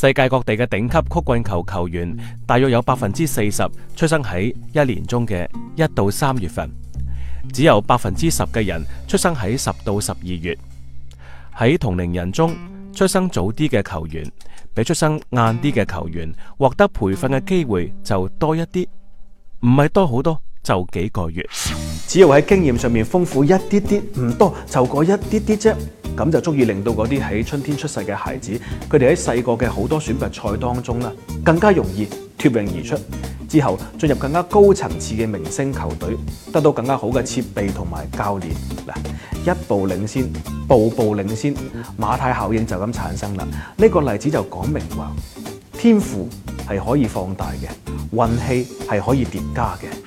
世界各地嘅頂級曲棍球球員，大約有百分之四十出生喺一年中嘅一到三月份，只有百分之十嘅人出生喺十到十二月。喺同齡人中，出生早啲嘅球員比出生晏啲嘅球員獲得培訓嘅機會就多一啲，唔係多好多，就幾個月。只要喺經驗上面豐富一啲啲，唔多，就過一啲啲啫。咁就足以令到嗰啲喺春天出世嘅孩子，佢哋喺細個嘅好多選拔賽當中咧，更加容易脫穎而出，之後進入更加高層次嘅明星球隊，得到更加好嘅設備同埋教練，嗱，一步領先，步步領先，馬太效應就咁產生啦。呢個例子就講明話天賦係可以放大嘅，運氣係可以疊加嘅。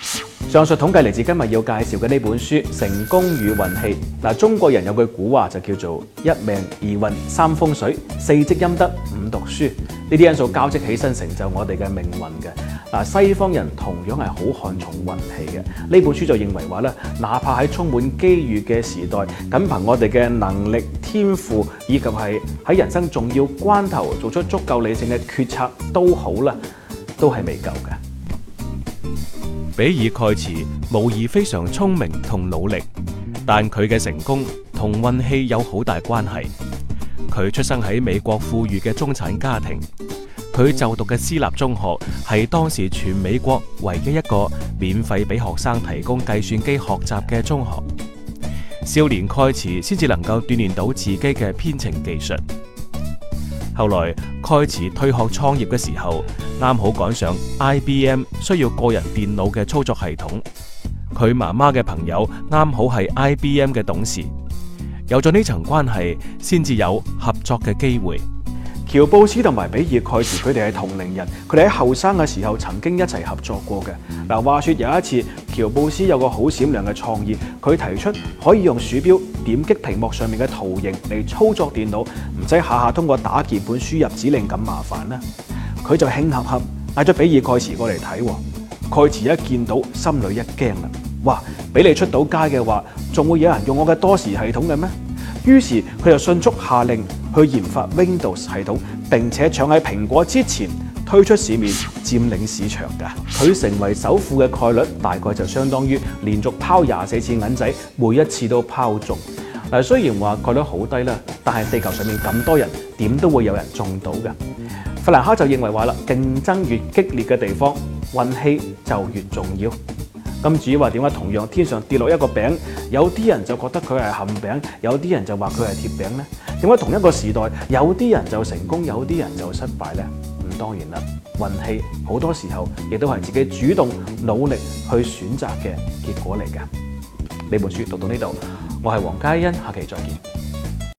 上述統計嚟自今日要介紹嘅呢本書《成功與運氣》啊。嗱，中國人有句古話就叫做一命二運三風水四積陰德五讀書，呢啲因素交織起身成就我哋嘅命運嘅。嗱、啊，西方人同樣係好看重運氣嘅。呢本書就認為話咧，哪怕喺充滿機遇嘅時代，僅憑我哋嘅能力、天賦以及係喺人生重要關頭做出足夠理性嘅決策都好啦，都係未夠嘅。比爾蓋茨無疑非常聰明同努力，但佢嘅成功同運氣有好大關係。佢出生喺美國富裕嘅中產家庭，佢就讀嘅私立中學係當時全美國唯一一個免費俾學生提供計算機學習嘅中學。少年蓋茨先至能夠鍛煉到自己嘅編程技術。後來蓋茨退學創業嘅時候，啱好趕上 IBM 需要個人電腦嘅操作系統。佢媽媽嘅朋友啱好係 IBM 嘅董事，有咗呢層關係，先至有合作嘅機會。喬布斯同埋比爾蓋茨佢哋係同齡人，佢哋喺後生嘅時候曾經一齊合作過嘅。嗱，話說有一次，喬布斯有個好閃亮嘅創意，佢提出可以用鼠標點擊屏幕上面嘅圖形嚟操作電腦，唔使下下通過打鍵盤輸入指令咁麻煩啦。佢就興洽洽嗌咗比爾蓋茨過嚟睇，蓋茨一見到心裏一驚啦，哇！俾你出到街嘅話，仲會有人用我嘅多時系統嘅咩？於是佢就迅速下令去研發 Windows 系統，並且搶喺蘋果之前推出市面，佔領市場嘅。佢成為首富嘅概率，大概就相當於連續拋廿四次銀仔，每一次都拋中。嗱，雖然話概率好低啦，但係地球上面咁多人，點都會有人中到嘅。嗯、弗蘭克就認為話啦，競爭越激烈嘅地方，運氣就越重要。咁至於話點解同樣天上跌落一個餅，有啲人就覺得佢係餡餅，有啲人就話佢係鐵餅呢？點解同一個時代，有啲人就成功，有啲人就失敗呢？咁當然啦，運氣好多時候亦都係自己主動努力去選擇嘅結果嚟㗎。呢本書讀到呢度，我係黃嘉欣，下期再見。